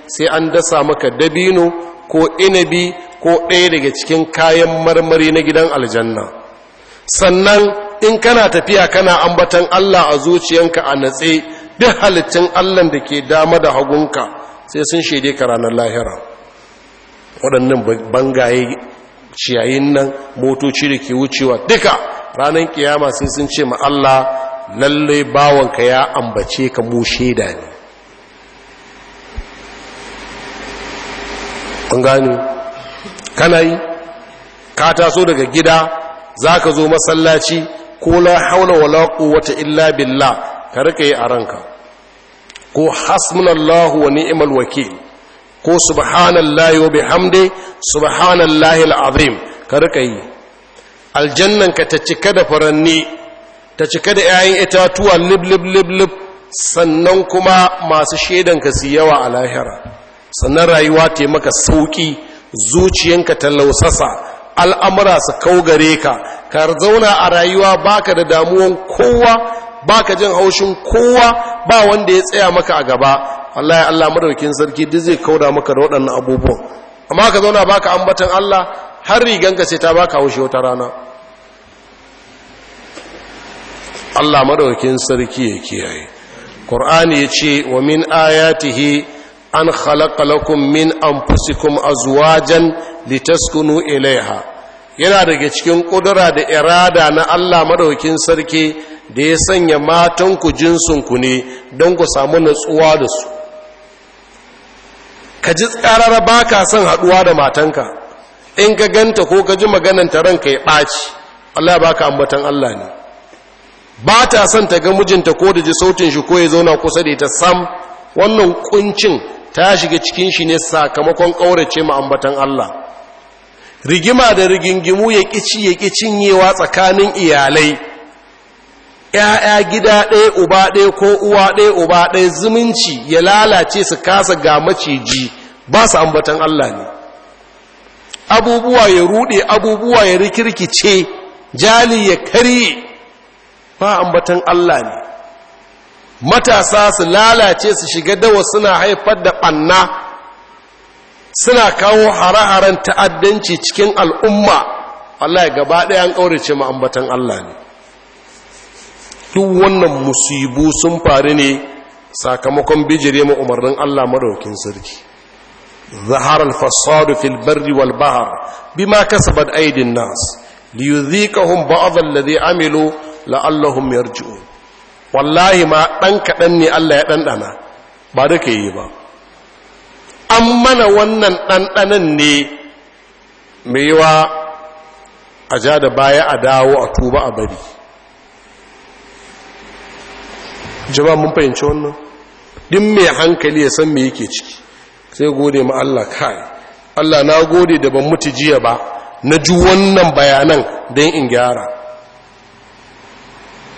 sai an dasa maka dabino ko inabi ko ɗaya daga cikin kayan marmari na gidan aljanna sannan in kana tafiya kana ambatan Allah a zuciyanka a natse duk halittun Allah da ke dama da hagunka sai sun shaide ka ranar lahira waɗannan bangaye ciyayin nan motoci da ke wucewa duka ranar kiyama sai sun ce ma Allah lallai bawanka ya ambace ka mu shaida ne an gani kana yi ka taso daga gida za ka zo masallaci ko la haula wala quwwata illa billah ka rika yi a ranka ko hasbunallahu wa ni'mal wakil ko subhanallahi wa bihamdi subhanallahi alazim ka rika yi aljannan ka ta cika da furanni ta cika da 'ya'yan itatuwa lib lib lib lib sannan kuma masu shaidan ka su yawa a lahira sannan rayuwa ta maka sauki zuciyanka ta lausasa al'amura su kau gare ka ka zauna a rayuwa baka da damuwan kowa baka jin haushin kowa ba wanda ya tsaya maka a gaba Allah ya Allah madaukin sarki duk zai kauda maka da waɗannan abubuwan amma ka zauna baka ambatan Allah har riganka sai ta baka haushe wata rana Allah madaukin sarki ya kiyaye Qur'ani yace wa min ayatihi an khalaqa lakum min anfusikum azwajan litaskunu ilaiha yana daga cikin kudura da irada na Allah madaukin sarki da ya sanya matan ku matanku ku ne don ku samu natsuwa da su ka ji tsarara ba ka son haɗuwa da matanka in ka ganta ko ka ji taron ka yi ɓaci allah ba ka ambatan allah ne ba ta son ta ga mijinta ko da ji sautin shi ko ya zauna kusa da ita sam wannan kuncin ta shiga cikin shi ne sakamakon ƙaurace ma ambatan allah rigima da rigingimu ya ƙici ya ƙi cinyewa tsakanin iyalai ‘ya'ya gida ɗaya uba ɗaya ko uwa ɗaya uba ɗaya zumunci ya lalace su kasa ga maciji ba su ambatan Allah ne abubuwa ya ruɗe abubuwa ya rikirkice jali ya karye ba ambatan Allah ne matasa su lalace su shiga dawa suna haifar da ɓanna suna kawo hare-haren ta'addanci cikin al'umma Allah ya gaba ɗaya an ƙaurace ma'ambatan Allah ne duk wannan musibu sun faru ne sakamakon bijire ma umarnin Allah madaukin sarki zaharar fasadu fil barri wal bahar bi ma kasabat aidin nas li yudhikahum ba'd alladhi amilu la'allahum yarji'un wallahi ma dan kadan ne Allah ya ɗanɗana, ba da kai ba an mana wannan dandanan ne mai yawa a ja da baya a dawo a tuba a bari jama'a mun fahimci wannan din mai hankali ya san me yake ciki sai gode ma Allah kai Allah na gode da ban mutu jiya ba na ji wannan bayanan don in gyara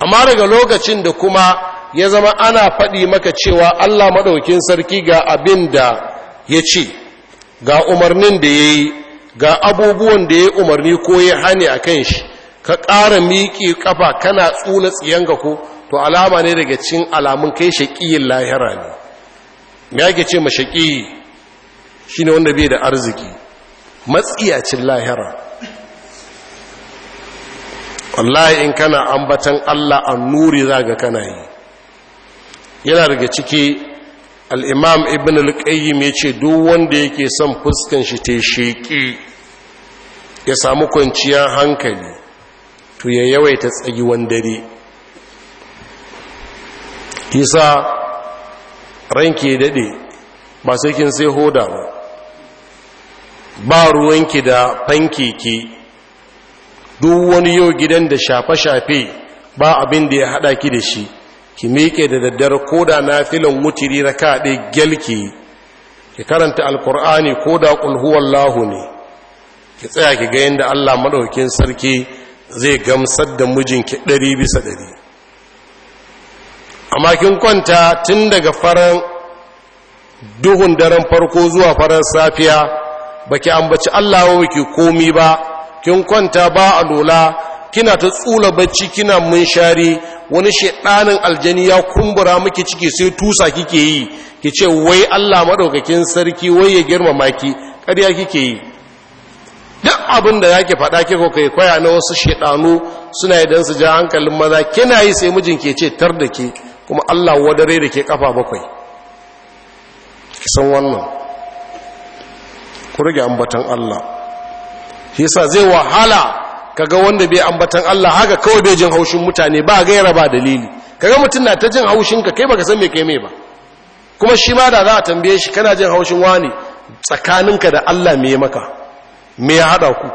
amma daga lokacin da kuma ya zama ana faɗi maka cewa Allah maɗaukin sarki ga abinda ya ce ga umarnin da ya yi ga abubuwan da ya umarni ko ya hane a kan shi ka ƙara miƙi ƙafa kana tsula tsiyanka ko to alama ne daga cin alamun kai shaƙiyin lahira ne me ke ce ma shi ne wanda bai da arziki matsiyacin lahira wallahi in kana ambatan Allah an nuri za ga kana yi yana daga ciki al'imam ibn al-qayyim ya ce duk wanda yake son fuskan shi ta shaƙi ya samu kwanciyar hankali to ya yawaita tsayi dare Kisa ranki daɗe ba sai kin sai hoda ba ba ruwanki da fankeke duk wani yau gidan da shafe-shafe ba abin da ya haɗa ki da shi ki miƙe da daddare koda na filin mutiri na kaɗe gyalki ki karanta alkur'ani koda ƙulhuwallahu ne ki tsaya ki ga yadda allah maɗaukin sarki zai gamsar da mijinki ɗari bisa ɗari amma kin kwanta tun daga faran duhun daren farko zuwa faran safiya baki ambaci Allah wa ki komi ba kin kwanta ba a lola kina ta tsula bacci kina munshari wani shedanin aljani ya kumbura miki ciki sai tusa kike yi ki ce wai Allah madaukakin sarki wai ya girmama ki kariya kike yi duk abin da yake faɗa ke ko kai kwaya na wasu shedanu suna idan su ja hankalin maza kina yi sai mijin ke ce tar da ke kuma Allah wadare da ke kafa bakwai kisan wannan ku rage ambatan Allah yasa zai wahala kaga wanda bai ambatan Allah haka kawai bai jin haushin mutane ba gaira ba dalili kaga mutum na ta jin haushin ka kai baka san me kai mai ba kuma shi ma da za a tambaye shi kana jin haushin wani tsakaninka da Allah me maka me ya hada ku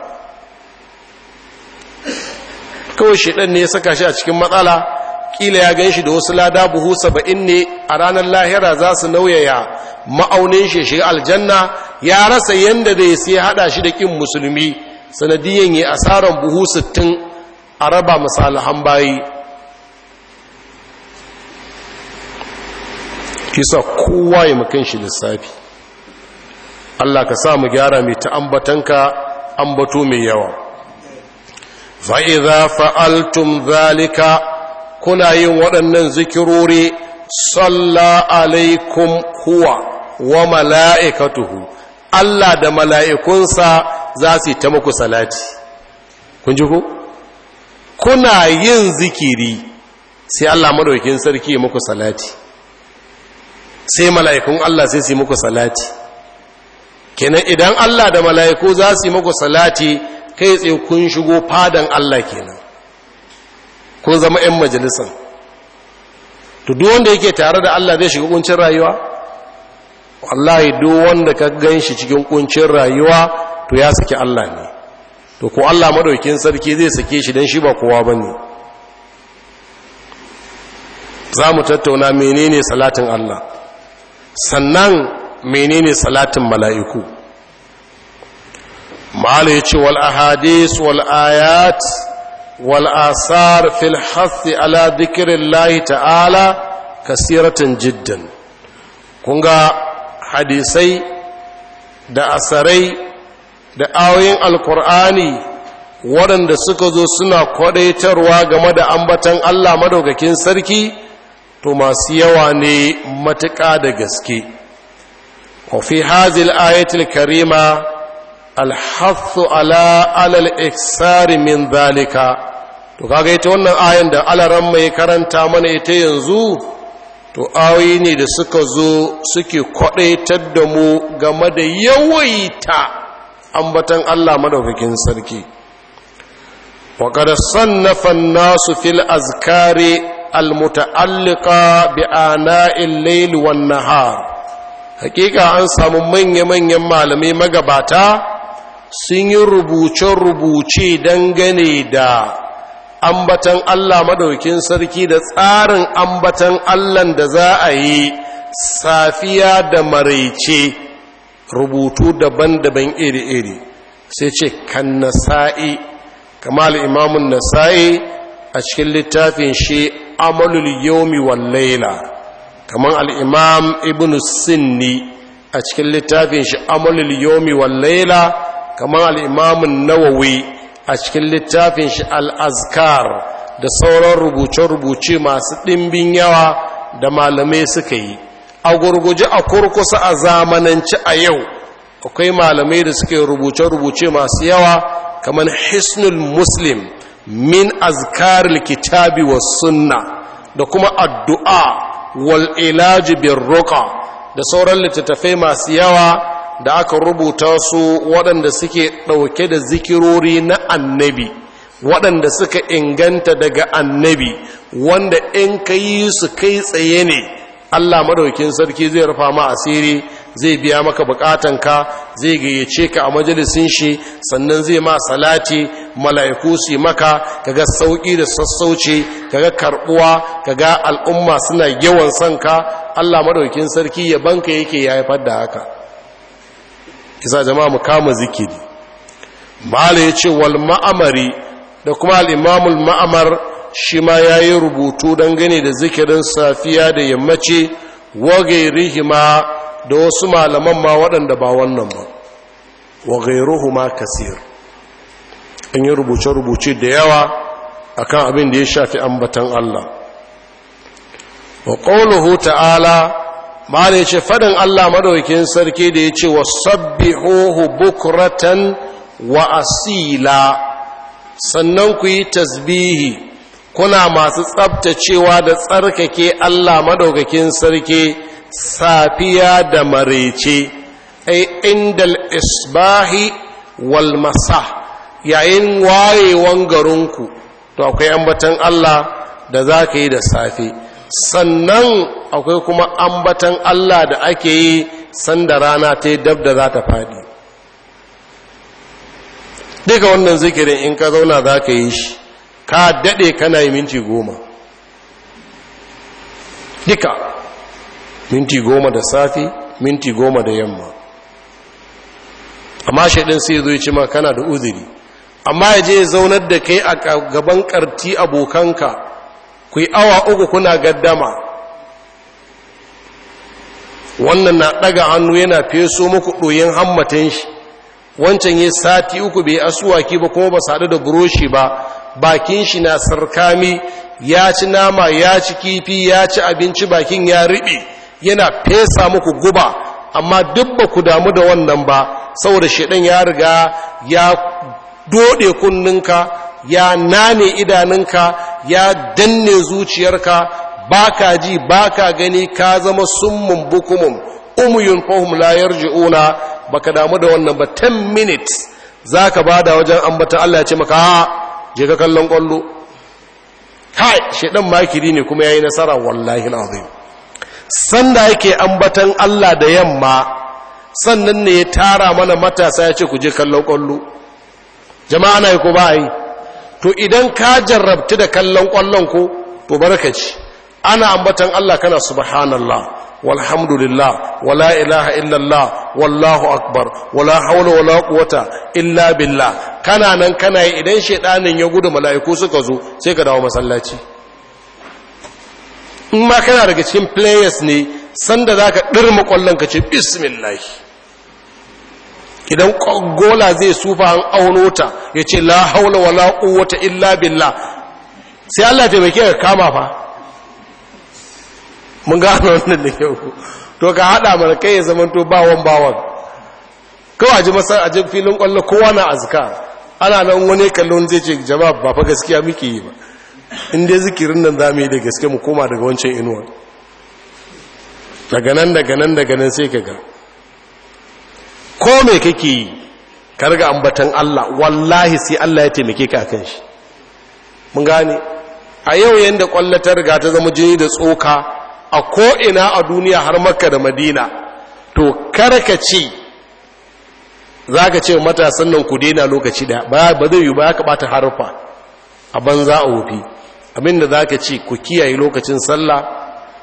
kawai shedan ne ya saka shi a cikin matsala kila ya gan shi da wasu lada buhu saba'in ne a ranar lahira za su nauyaya ma'aunin shi shiga aljanna ya rasa yadda da ya sai hada shi da kin musulmi sanadiyan ya asaran buhu sittin a raba misalahan bayi kisa kowa ya makin shi lissafi Allah ka sa mu gyara mai ta'ambatanka ambato mai yawa fa'iza fa'altum zalika kuna yin waɗannan zikirori salla alaikum huwa wa mala'ikatuhu Allah da mala'ikunsa za su yi ta muku salati kun ji ku? kuna yin zikiri sai Allah maɗaukin sarki muku salati sai mala'ikun Allah sai su muku salati kenan idan Allah da mala'iku za su yi muku salati kai tsaye kun shigo fadan Allah kenan kun zama 'yan majalisar to duk wanda yake tare da Allah zai shiga kuncin rayuwa wallahi duk wanda ka gan shi cikin kuncin rayuwa to ya saki Allah ne to ko Allah madaukin sarki zai sake shi dan shi ba kowa bane za mu tattauna menene salatin Allah sannan menene salatin mala'iku ma'ala ya ce wal ahadis wal ayat wal asar fil hathi ala dhikrillahi ta'ala kasiratan jiddan kun ga hadisai da asarai da ayoyin alkur'ani waɗanda suka zo suna kwadaitarwa game da ambatan Allah madaukakin sarki to masu yawa ne matuƙa da gaske وفي هذه الآية الكريمة الحث على على الإكسار من ذلك to kaga ita wannan ayan da alaran mai karanta mana ita yanzu to ayoyi ne da suka zo suke kwadaitar da mu game da yawaita ambatan Allah madaukakin sarki wa qad sannafa an-nasu fil azkari al-muta'alliqa bi ana'il layl wan nahar hakika an samu manya-manyan malamai magabata sun yi rubuce-rubuce dangane da ambatan Allah madaukin sarki da tsarin ambatan Allah da za a yi safiya da maraice rubutu daban-daban iri-iri sai ce kan nasa'i kamar imamun nasa'i a cikin littafin shi amalul yomi wallaila kamar al'imam ibn sinni a cikin littafin shi amalul yomi laila kamar al'imamun nawawi a cikin littafin shi al'azkar da sauran rubuce-rubuce masu ɗimbin yawa da malamai suka yi a gurguje a kurkusa a zamananci a yau akwai malamai da suke rubuce-rubuce masu yawa kamar hisnul muslim min azkaril kitabi wa sunna da kuma addu'a wal ilaji da sauran littattafai masu yawa da aka rubuta su waɗanda suke ɗauke da zikirori na annabi waɗanda suka inganta daga annabi wanda in ka yi su kai tsaye ne allah maɗaukin sarki zai rufa ma asiri zai biya maka buƙatanka, zai gayyace ka a majalisin shi sannan zai ma salati mala'iku su maka kaga sauƙi da sassauci kaga karɓuwa kaga al'umma suna yawan sanka. Allah madaukin sarki ya banka yake ya haifar da haka Kisa jama'a mu kama zikiri mala ya ce wal ma'amari da kuma al'imamul ma'amar shi ma ya yi rubutu don gani da zikirin safiya da yammaci wagairihi ma da wasu malaman ma waɗanda ba wannan ba wagairuhu ma kasir an yi rubuce-rubuce da yawa akan abin da ya shafi ambatan Allah wa ƙaunuhu ta'ala mala ce faɗin allah madaukin sarki da ya ce wa sabbihuhu bukratan wa asila sannan ku yi tasbihi kuna masu tsabtacewa da tsarkake allah maɗaukakin sarki safiya da marece ai indal isbahi wal masa yayin wayewan garinku to akwai ambatan allah da za ka yi da safe sannan akwai kuma ambatan Allah da ake yi sanda rana ta dab da za ta faɗi duka wannan zikirin in ka zauna za ka yi shi ka daɗe kana yi minti goma duka minti goma da safi minti goma da yamma amma shaɗin sai zo ci ma kana da uzuri amma ya je zaunar da kai a gaban ƙarti abokanka ku yi awa uku kuna gaddama wannan na ɗaga hannu yana feso muku ɗoyin hammatan shi wancan yi sati uku bai asuwaki ba kuma ba sadu da buroshi ba bakin shi na sarkami ya ci nama ya ci kifi ya ci abinci bakin ya riɓe yana fesa muku guba amma duk ba ku damu da wannan ba saboda shaidan ya riga ya dode kunninka ya nane idanunka ya danne zuciyarka baka ji baka gani ka zama summun bukumun umuyun layar ji'una ba ka damu da wannan ba 10 minutes za ka ba da wajen ambata Allah ya ce maka je ka kallon kwallo kai shedan makiri ne kuma ya yi nasara wallahi lazim sanda yake ambatan Allah da yamma sannan ne ya tara mana matasa ya ce ku je kallon kwallo jama'a na yi ko ba yi to idan ka jarrabtu da kallon kwallon ko to barakaci ana ambatan Allah kana subhanallah walhamdulillah wala ilaha illallah wallahu akbar wala haula wala quwwata illa billah kana nan kana idan shedanin ya gudu mala'iku suka zo sai ka dawo masallaci in ma kana daga cikin players ne sanda zaka dirma kwallon ka ce bismillah idan gola zai sufa an auno ta ya ce la haula wa la quwwata illa billah sai Allah taimake ka kama fa mun gano wannan da kyau to ka hada mana kai ya zama to bawon bawon kawai aji masa aji filin kwallo kowa na azka ana nan wani kallon zai ce jama'a ba fa gaskiya muke yi ba in dai zikirin nan za mu yi da gaske mu koma daga wancan inuwa daga nan daga nan daga nan sai ka ga ko mai kake yi ka riga ambatan Allah wallahi sai Allah ya taimake ka kan shi mun gane a yau yanda kwallo ta riga ta zama jini da tsoka a ko ina a duniya har makka da madina to karka ce za ka ce matasan nan ku daina lokaci da ba zai yi ba ya bata harfa a banza a wufi abinda za ka ce ku kiyaye lokacin sallah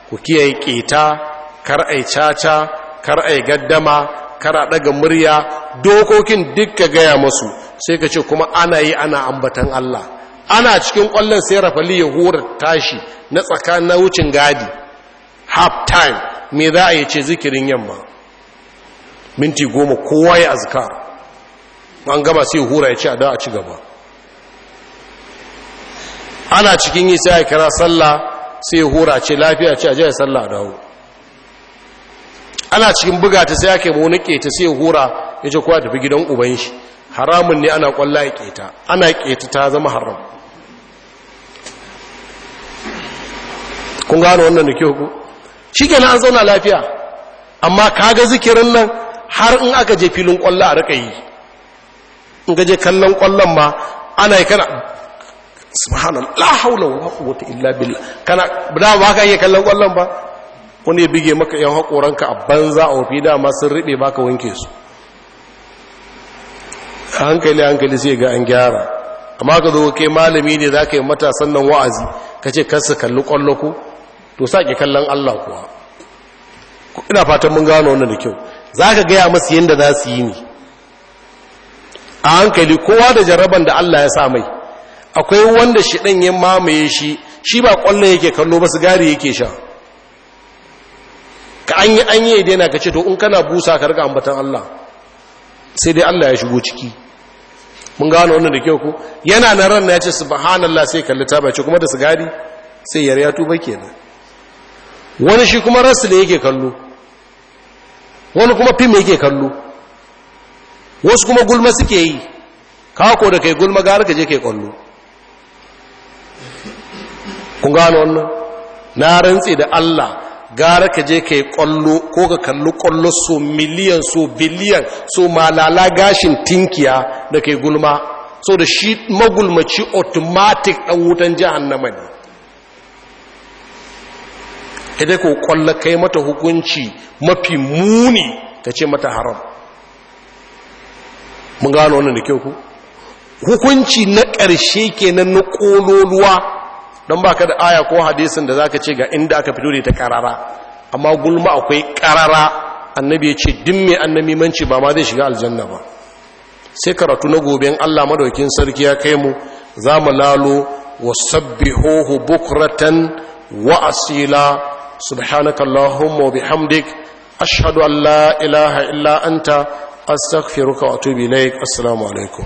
ku kiyaye keta kar ai caca kar ai gaddama kana daga murya dokokin duk ka gaya masu sai ka ce kuma ana yi ana ambatan Allah ana cikin kwallon sai rafali ya hura tashi na tsakanin wucin gadi half time me za a yi ce zikirin yamma minti goma kowa ya azkar an gama sai hura ya ce a ci gaba ana cikin yi sai a kira sallah sai hura ce lafiya ce a jaya sallah a dawo ana cikin buga ta sai ake wani ta sai hura ya ce kowa tafi gidan uban shi haramun ne ana kwallo ya keta ana keta ta zama haram kun gano wannan da kyau ku shi na an zauna lafiya amma kaga zikirin nan har in aka je filin kwallo a raka yi in gaje kallon kwallon ma ana yi kana subhanallah la haula wala quwwata illa billah kana ba ka iya kallon kwallon ba wani ya bige maka yan haƙoranka a banza a wafi dama sun riɓe baka wanke su A hankali hankali sai ga an gyara amma ka zo kai malami ne za ka yi matasan nan wa'azi ka ce kansu kalli ƙwallo ku to ke kallon allah kuwa ina fatan mun gano wannan da kyau za ka gaya masu yadda za su yi ne a hankali kowa da jaraban da allah ya sa mai akwai wanda shi ɗanyen mamaye shi shi ba ƙwallon yake kallo ba su gari yake sha ka an yi an yi daina ka ce to in kana busa ka riga ambatan Allah sai dai Allah ya shigo ciki mun gano wannan da kyau ko yana nan ran ya ce subhanallah sai kalli ta bace kuma da sigari sai yar ya tuba kenan wani shi kuma rasul yake kallo wani kuma fim yake kallo wasu kuma gulma suke yi kako da kai gulma gara ka je kai kallo kun gano wannan na rantsi da Allah gara ka je ka yi kwallo ko ka kalli kwallo so miliyan so biliyan so malala gashin tinkiya da ka gulma so da shi magulmaci automatic ɗan wutan jihar ne ita ko kwallo kai mata hukunci mafi muni ka ce mata haram mun gano wannan da kyau ku hukunci na ƙarshe kenan na ƙololuwa don ba ka da aya ko hadisin da za ka ce ga inda aka fito da ta karara amma gulma akwai karara annabi ya ce din mai annabi manci ba ma zai shiga aljanna ba sai karatu na gobe allah madaukin sarki ya kai mu za mu lalo hohu bukratan wa asila subhanaka allahumma wa bihamdik ashadu an la ilaha illa anta astaghfiruka wa atubu ilaik assalamu alaikum